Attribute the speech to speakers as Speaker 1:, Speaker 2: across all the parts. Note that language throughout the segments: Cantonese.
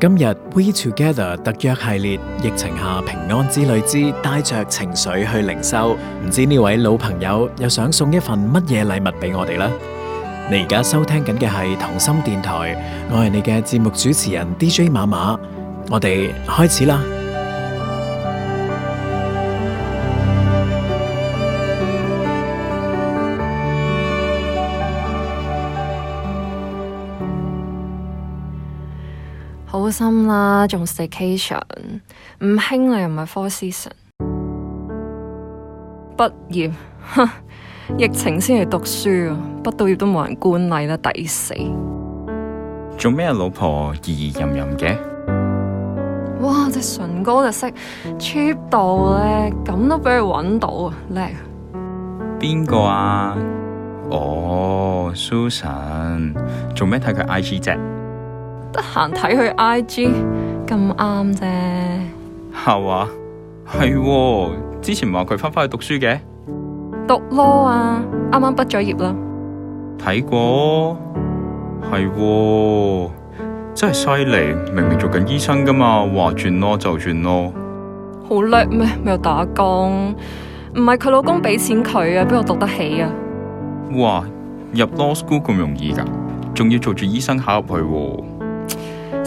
Speaker 1: 今日 We Together 特約系列，疫情下平安之旅之帶着情緒去靈修，唔知呢位老朋友又想送一份乜嘢禮物俾我哋呢？你而家收聽緊嘅係同心電台，我係你嘅節目主持人 DJ 馬馬，我哋開始啦。
Speaker 2: 心啦，仲 staycation 唔興你，又唔係 four season。畢業，疫情先嚟讀書啊，畢到業都冇人觀禮啦，抵死。
Speaker 3: 做咩啊，老婆，怡怡吟吟嘅？
Speaker 2: 哇，隻唇膏嘅色 cheap 到咧，咁都俾佢搵到啊，叻、嗯。
Speaker 3: 邊個啊？哦，Susan，做咩睇佢 IG 啫？
Speaker 2: 得閒睇佢 IG 咁啱啫，
Speaker 3: 係話係之前話佢翻翻去讀書嘅
Speaker 2: 讀 law 啊，啱啱畢咗業啦，
Speaker 3: 睇過係真係犀利，明明做緊醫生噶嘛，話轉 law 就轉 law
Speaker 2: 好叻咩？咪又打工唔係佢老公俾錢佢啊，邊度讀得起啊？
Speaker 3: 哇，入 law school 咁容易噶，仲要做住醫生考入去，啊。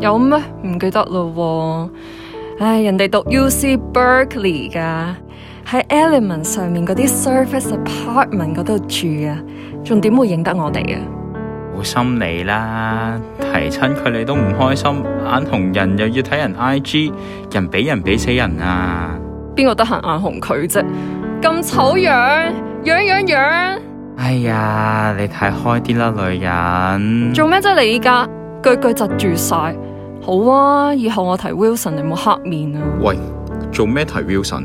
Speaker 2: 有咩唔記得咯？唉，人哋讀 U C Berkeley 噶，喺 Element 上面嗰啲 Surface Apartment 嗰度住啊，仲點會認得我哋啊？
Speaker 3: 好心你啦，提親佢你都唔開心，眼紅人又要睇人 I G，人比人比死人啊！
Speaker 2: 邊個得閒眼紅佢啫？咁醜樣，樣樣樣，樣！
Speaker 3: 唉、哎、呀，你睇開啲啦，女人。做咩
Speaker 2: 啫？你依家句句窒住晒。好啊，以後我提 Wilson，你唔好黑面啊！
Speaker 3: 喂，做咩提 Wilson？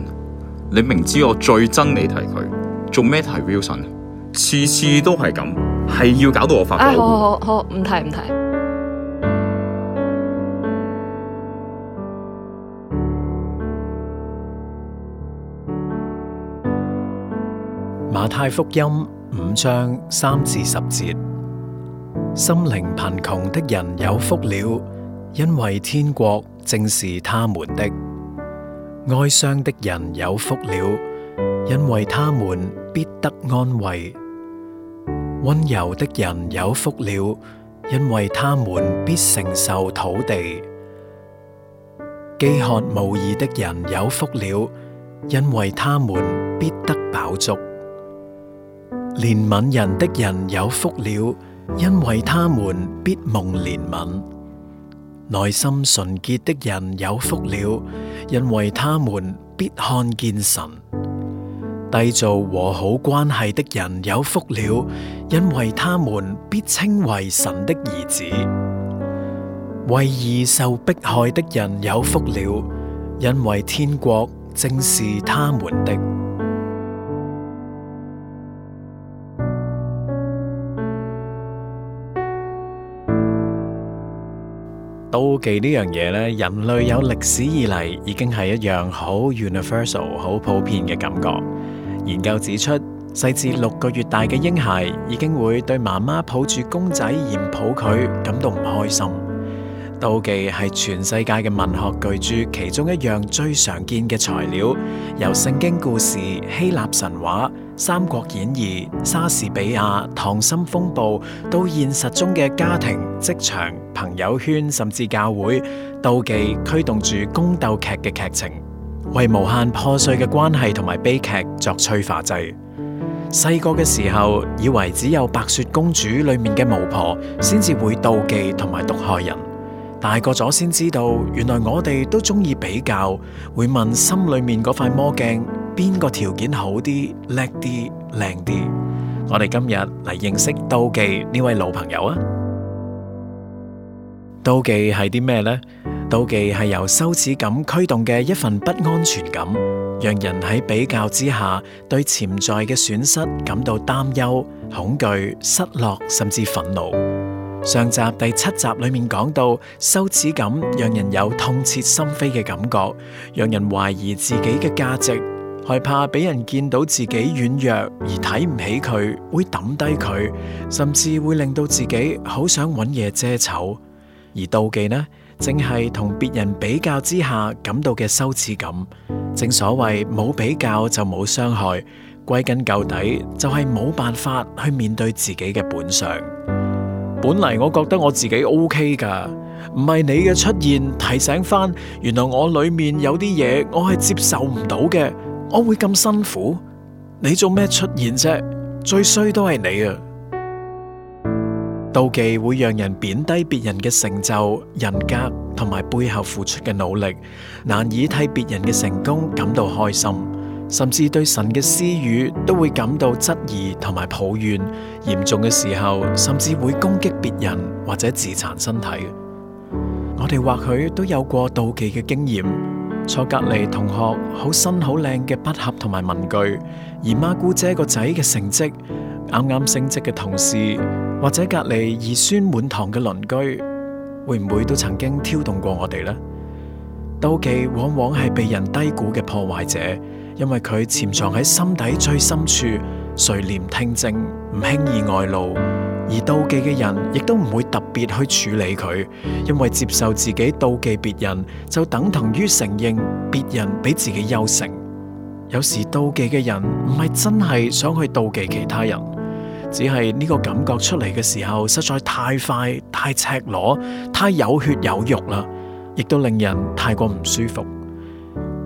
Speaker 3: 你明知我最憎你提佢，做咩提 Wilson？次次都係咁，係要搞到我發癲，哎。好
Speaker 2: 好好，唔提唔提。提
Speaker 1: 馬太福音五章三至十節，心靈貧窮的人有福了。因為天國正是他們的。哀傷的人有福了，因為他們必得安慰。溫柔的人有福了，因為他們必承受土地。飢渴慕義的人有福了，因為他們必得飽足。憐憫人的人有福了，因為他們必蒙憐憫。內心純潔的人有福了，因為他們必看見神；締造和好關係的人有福了，因為他們必稱為神的兒子；為義受迫害的人有福了，因為天國正是他們的。忌呢樣嘢咧，人類有歷史以嚟已經係一樣好 universal、好普遍嘅感覺。研究指出，細至六個月大嘅嬰孩已經會對媽媽抱住公仔而唔抱佢感到唔開心。妒忌係全世界嘅文學巨著其中一樣最常見嘅材料，由聖經故事、希臘神話。《三國演義》、莎士比亞《溏心風暴》到現實中嘅家庭、職場、朋友圈甚至教會，妒忌驅動住宮鬥劇嘅劇情，為無限破碎嘅關係同埋悲劇作催化劑。細個嘅時候，以為只有《白雪公主》裏面嘅巫婆先至會妒忌同埋毒害人，大個咗先知道，原來我哋都中意比較，會問心裏面嗰塊魔鏡。邊個條件好啲、叻啲、靚啲？我哋今日嚟認識妒忌呢位老朋友啊！妒忌係啲咩呢？妒忌係由羞恥感驅動嘅一份不安全感，讓人喺比較之下對潛在嘅損失感到擔憂、恐懼、失落，甚至憤怒。上集第七集裏面講到，羞恥感讓人有痛徹心扉嘅感覺，讓人懷疑自己嘅價值。害怕俾人見到自己軟弱而睇唔起佢，會抌低佢，甚至會令到自己好想揾嘢遮醜。而妒忌呢，正係同別人比較之下感到嘅羞恥感。正所謂冇比較就冇傷害，歸根究底就係冇辦法去面對自己嘅本相。本嚟我覺得我自己 OK 噶，唔係你嘅出現提醒翻，原來我裏面有啲嘢我係接受唔到嘅。我會咁辛苦，你做咩出現啫？最衰都係你啊！妒忌會讓人貶低別人嘅成就、人格同埋背後付出嘅努力，難以替別人嘅成功感到開心，甚至對神嘅施予都會感到質疑同埋抱怨。嚴重嘅時候，甚至會攻擊別人或者自殘身體。我哋或許都有過妒忌嘅經驗。坐隔籬同學好新好靚嘅筆盒同埋文具，姨媽姑姐個仔嘅成績，啱啱升職嘅同事，或者隔籬兒孫滿堂嘅鄰居，會唔會都曾經挑動過我哋呢？妒忌往往係被人低估嘅破壞者，因為佢潛藏喺心底最深處，垂簾聽政，唔輕易外露。而妒忌嘅人亦都唔會特別去處理佢，因為接受自己妒忌別人就等同於承認別人比自己優勝。有時妒忌嘅人唔係真係想去妒忌其他人，只係呢個感覺出嚟嘅時候實在太快，太赤裸，太有血有肉啦，亦都令人太過唔舒服。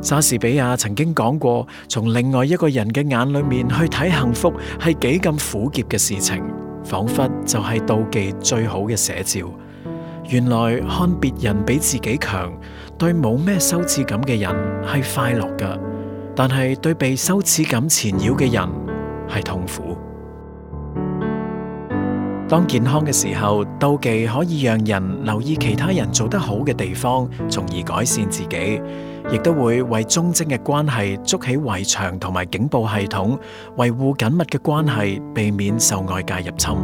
Speaker 1: 莎士比亞曾經講過，從另外一個人嘅眼裏面去睇幸福係幾咁苦澀嘅事情。仿佛就係妒忌最好嘅寫照。原來看別人比自己強，對冇咩羞恥感嘅人係快樂嘅，但係對被羞恥感纏繞嘅人係痛苦。當健康嘅時候，妒忌可以讓人留意其他人做得好嘅地方，從而改善自己。亦都會為忠貞嘅關係築起圍牆同埋警報系統，維護緊密嘅關係，避免受外界入侵。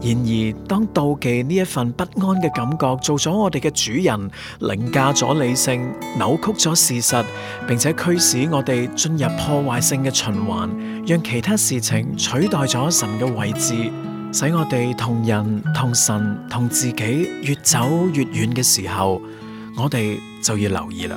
Speaker 1: 然而，當妒忌呢一份不安嘅感覺做咗我哋嘅主人，凌駕咗理性，扭曲咗事實，並且驅使我哋進入破壞性嘅循環，讓其他事情取代咗神嘅位置，使我哋同人、同神、同自己越走越遠嘅時候，我哋就要留意啦。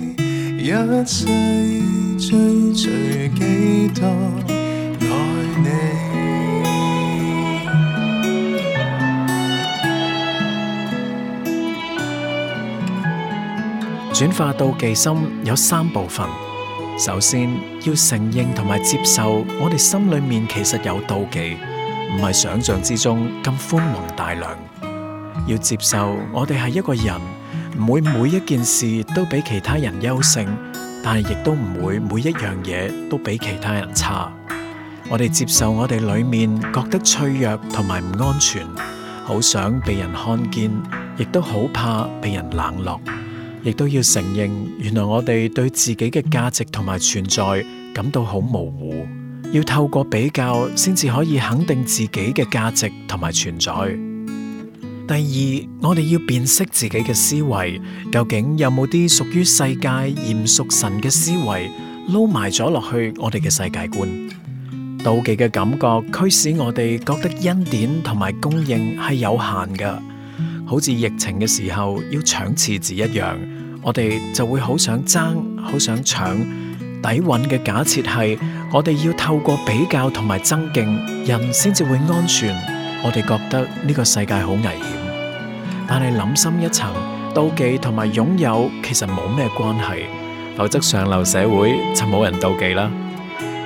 Speaker 4: 一世追隨基督愛祢
Speaker 1: 轉化妒忌心有三部分，首先要承認同埋接受，我哋心裏面其實有妒忌，唔係想象之中咁寬宏大量。要接受，我哋係一個人。唔會每一件事都比其他人優勝，但係亦都唔會每一樣嘢都比其他人差。我哋接受我哋裏面覺得脆弱同埋唔安全，好想被人看見，亦都好怕被人冷落，亦都要承認，原來我哋對自己嘅價值同埋存在感到好模糊，要透過比較先至可以肯定自己嘅價值同埋存在。第二，我哋要辨識自己嘅思維究竟有冇啲屬於世界、而唔屬神嘅思維撈埋咗落去我哋嘅世界觀。妒忌嘅感覺驅使我哋覺得恩典同埋供應係有限嘅，好似疫情嘅時候要搶廁紙一樣，我哋就會好想爭、好想搶。底蘊嘅假設係我哋要透過比較同埋爭競，人先至會安全。我哋覺得呢個世界好危險。但係諗深一層，妒忌同埋擁有其實冇咩關係，否則上流社會就冇人妒忌啦。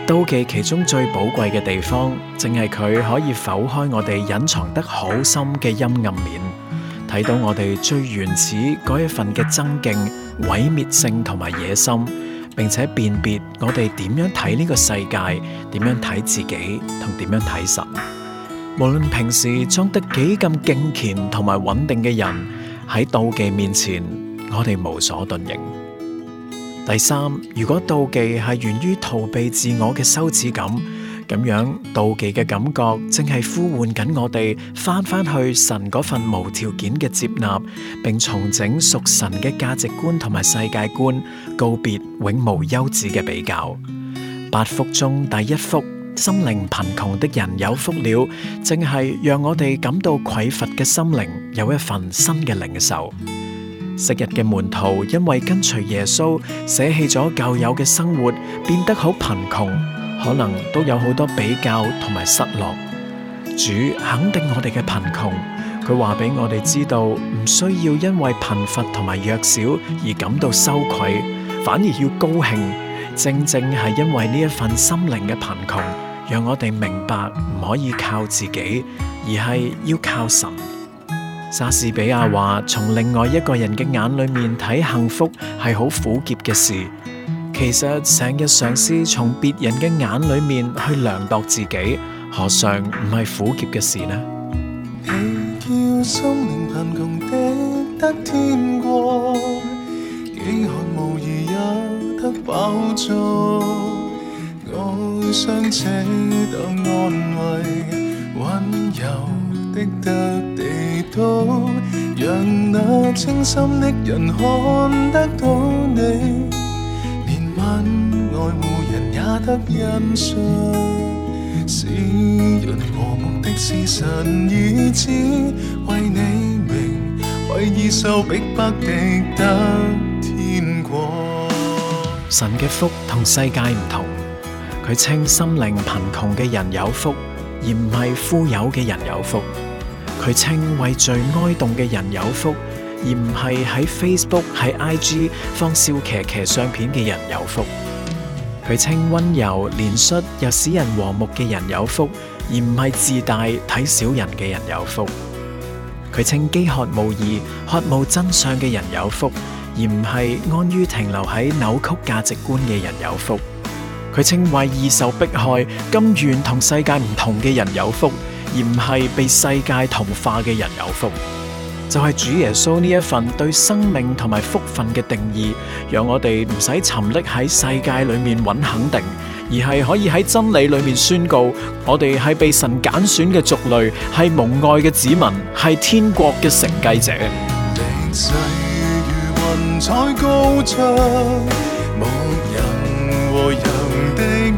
Speaker 1: 妒忌其中最寶貴嘅地方，正係佢可以剖開我哋隱藏得好深嘅陰暗面，睇到我哋最原始嗰一份嘅憎勁、毀滅性同埋野心，並且辨別我哋點樣睇呢個世界、點樣睇自己同點樣睇神。無論平時裝得幾咁敬虔同埋穩定嘅人，喺妒忌面前，我哋無所遁形。第三，如果妒忌係源於逃避自我嘅羞恥感，咁樣妒忌嘅感覺正係呼喚緊我哋翻翻去神嗰份無條件嘅接納，並重整屬神嘅價值觀同埋世界觀，告別永無休止嘅比較。八福中第一福。心靈貧窮的人有福了，正係讓我哋感到匱乏嘅心靈有一份新嘅領受。昔日嘅門徒因為跟隨耶穌，捨棄咗舊有嘅生活，變得好貧窮，可能都有好多比較同埋失落。主肯定我哋嘅貧窮，佢話俾我哋知道，唔需要因為貧乏同埋弱小而感到羞愧，反而要高興。正正係因為呢一份心靈嘅貧窮。讓我哋明白唔可以靠自己，而係要靠神。莎士比亞話，從另外一個人嘅眼裏面睇幸福，係好苦澀嘅事。其實成日嘗試從別人嘅眼裏面去量度自己，何嘗唔係苦澀嘅事
Speaker 4: 呢？你叫哀傷者得安慰，溫柔的得地土，讓那清心的人看得到祢，憐憫愛護人也得恩恤，使人和睦的是神兒子，為祢
Speaker 1: 名，為義受逼迫的得天國。神嘅福同世界唔同。佢稱心靈貧窮嘅人有福，而唔係富有嘅人有福。佢稱為最哀慟嘅人有福，而唔係喺 Facebook、喺 IG 放笑騎騎相片嘅人有福。佢稱溫柔、憐恤又使人和睦嘅人有福，而唔係自大睇小人嘅人有福。佢稱飢渴慕義、渴慕真相嘅人有福，而唔係安於停留喺扭曲價值觀嘅人有福。佢稱為義受迫害、甘願同世界唔同嘅人有福，而唔係被世界同化嘅人有福。就係、是、主耶穌呢一份對生命同埋福分嘅定義，讓我哋唔使沉溺喺世界裏面揾肯定，而係可以喺真理裏面宣告，我哋係被神揀選嘅族類，係蒙愛嘅子民，係天國嘅承繼者。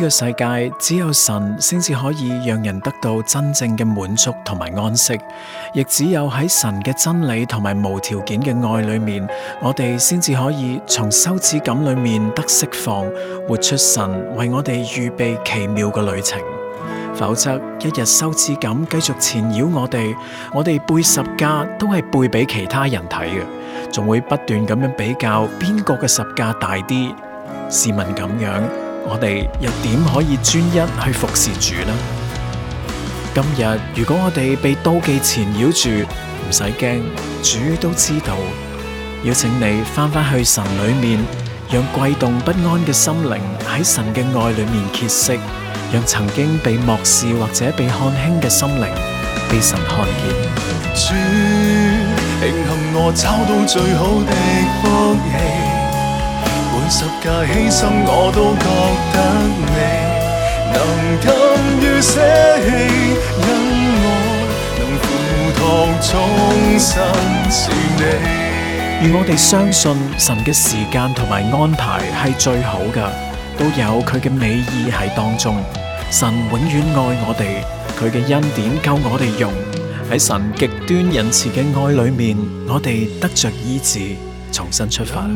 Speaker 1: 呢個世界只有神先至可以讓人得到真正嘅滿足同埋安息，亦只有喺神嘅真理同埋無條件嘅愛裏面，我哋先至可以從羞恥感裏面得釋放，活出神為我哋預備奇妙嘅旅程。否則，一日羞恥感繼續纏繞我哋，我哋背十架都係背俾其他人睇嘅，仲會不斷咁樣比較邊個嘅十架大啲。試問咁樣，我哋又點可以專一去服侍主呢？今日如果我哋被妒忌纏繞住，唔使驚，主都知道。邀請你翻返去神裏面，讓悸動不安嘅心靈喺神嘅愛裏面歇息，讓曾經被漠視或者被看輕嘅心靈被神看見。主，慶幸我找到最好的福氣。而我哋相信神嘅時間同埋安排係最好嘅，都有佢嘅美意喺當中。神永遠愛我哋，佢嘅恩典夠我哋用。喺神極端仁慈嘅愛裏面，我哋得着醫治，重新出發。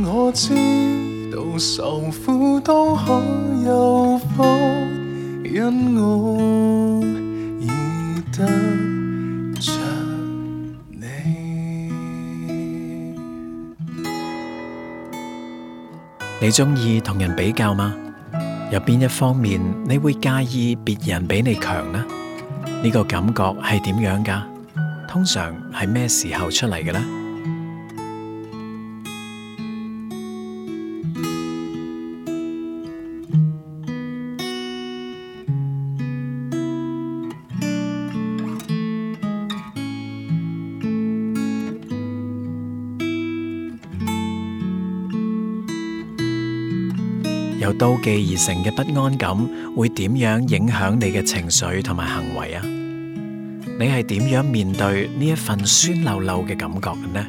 Speaker 1: 受
Speaker 4: 苦都可有福，因我而得着你。
Speaker 1: 你鍾意同人比較嗎？有邊一方面你會介意別人比你強呢？呢個感覺係點樣噶？通常係咩時候出嚟嘅呢？由妒忌而成嘅不安感，會點樣影響你嘅情緒同埋行為啊？你係點樣面對呢一份酸溜溜嘅感覺嘅呢？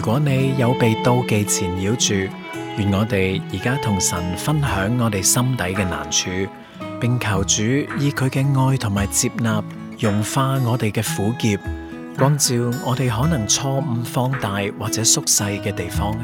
Speaker 1: 如果你有被妒忌纏繞住，願我哋而家同神分享我哋心底嘅難處，並求主以佢嘅愛同埋接納，融化我哋嘅苦澀，光照我哋可能錯誤放大或者縮細嘅地方。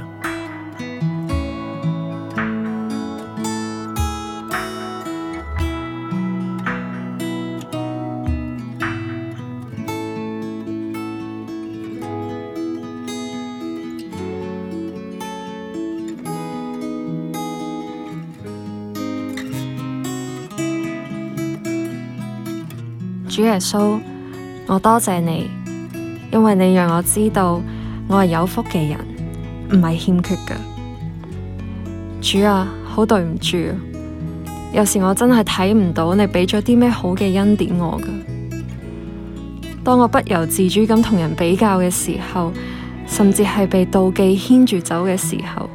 Speaker 2: 主耶穌，我多謝你，因為你讓我知道我係有福嘅人，唔係欠缺嘅。主啊，好對唔住，有時我真係睇唔到你俾咗啲咩好嘅恩典我噶。當我不由自主咁同人比較嘅時候，甚至係被妒忌牽住走嘅時候，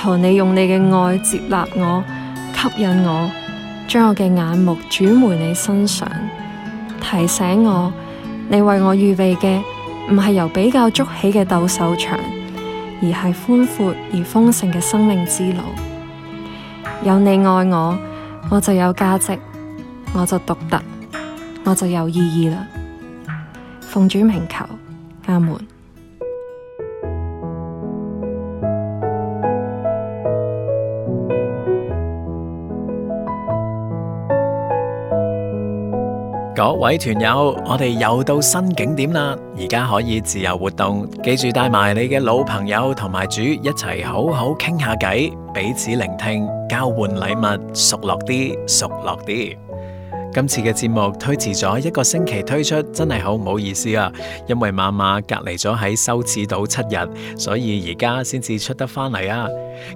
Speaker 2: 求你用你嘅愛接納我，吸引我，將我嘅眼目轉回你身上。提醒我，你為我預備嘅唔係由比較築起嘅鬥獸場，而係寬闊而豐盛嘅生命之路。有你愛我，我就有價值，我就獨特，我就有意義啦。奉主名求，阿門。
Speaker 1: 各位團友，我哋又到新景點啦，而家可以自由活動，記住帶埋你嘅老朋友同埋主一齊好好傾下偈，彼此聆聽，交換禮物，熟絡啲，熟絡啲。今次嘅節目推遲咗一個星期推出，真係好唔好意思啊！因為馬馬隔離咗喺羞恥島七日，所以而家先至出得返嚟啊！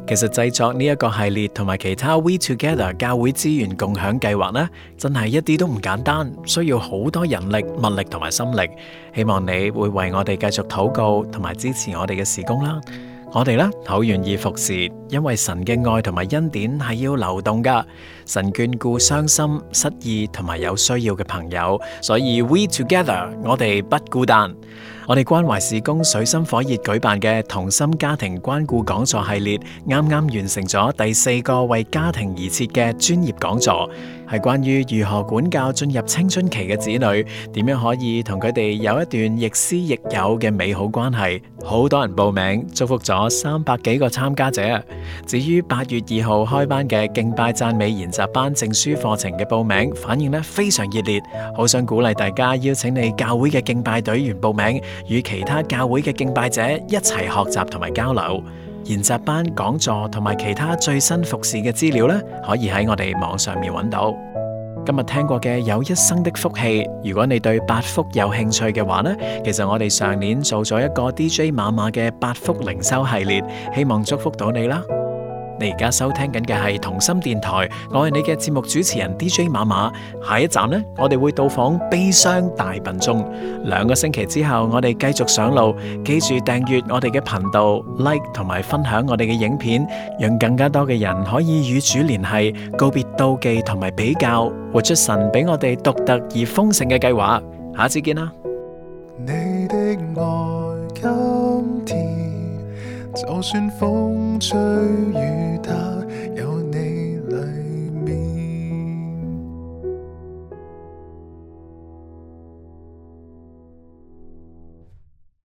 Speaker 1: 其實製作呢一個系列同埋其他 We Together 教會資源共享計劃呢，真係一啲都唔簡單，需要好多人力、物力同埋心力。希望你會為我哋繼續禱告同埋支持我哋嘅事工啦！我哋咧好願意服侍，因為神嘅愛同埋恩典係要流動噶。神眷顧傷心、失意同埋有需要嘅朋友，所以 We Together，我哋不孤單。我哋關懷事工水深火熱舉辦嘅同心家庭關顧講座系列，啱啱完成咗第四個為家庭而設嘅專業講座。係關於如何管教進入青春期嘅子女，點樣可以同佢哋有一段亦師亦友嘅美好關係？好多人報名，祝福咗三百幾個參加者。至於八月二號開班嘅敬拜讚美研習班證書課程嘅報名，反應得非常熱烈。好想鼓勵大家，邀請你教會嘅敬拜隊員報名，與其他教會嘅敬拜者一齊學習同埋交流。研習班講座同埋其他最新服侍嘅資料呢，可以喺我哋網上面揾到。今日聽過嘅有一生的福氣，如果你對八福有興趣嘅話呢，其實我哋上年做咗一個 DJ 馬馬嘅八福靈修系列，希望祝福到你啦。你而家收聽緊嘅係同心電台，我係你嘅節目主持人 DJ 馬馬。下一站呢，我哋會到訪悲傷大笨鐘。兩個星期之後，我哋繼續上路。記住訂閱我哋嘅頻道，like 同埋分享我哋嘅影片，讓更加多嘅人可以與主聯繫，告別妒忌同埋比較，活出神俾我哋獨特而豐盛嘅計劃。下次見啦！
Speaker 4: 你的愛今天。就算風吹雨打。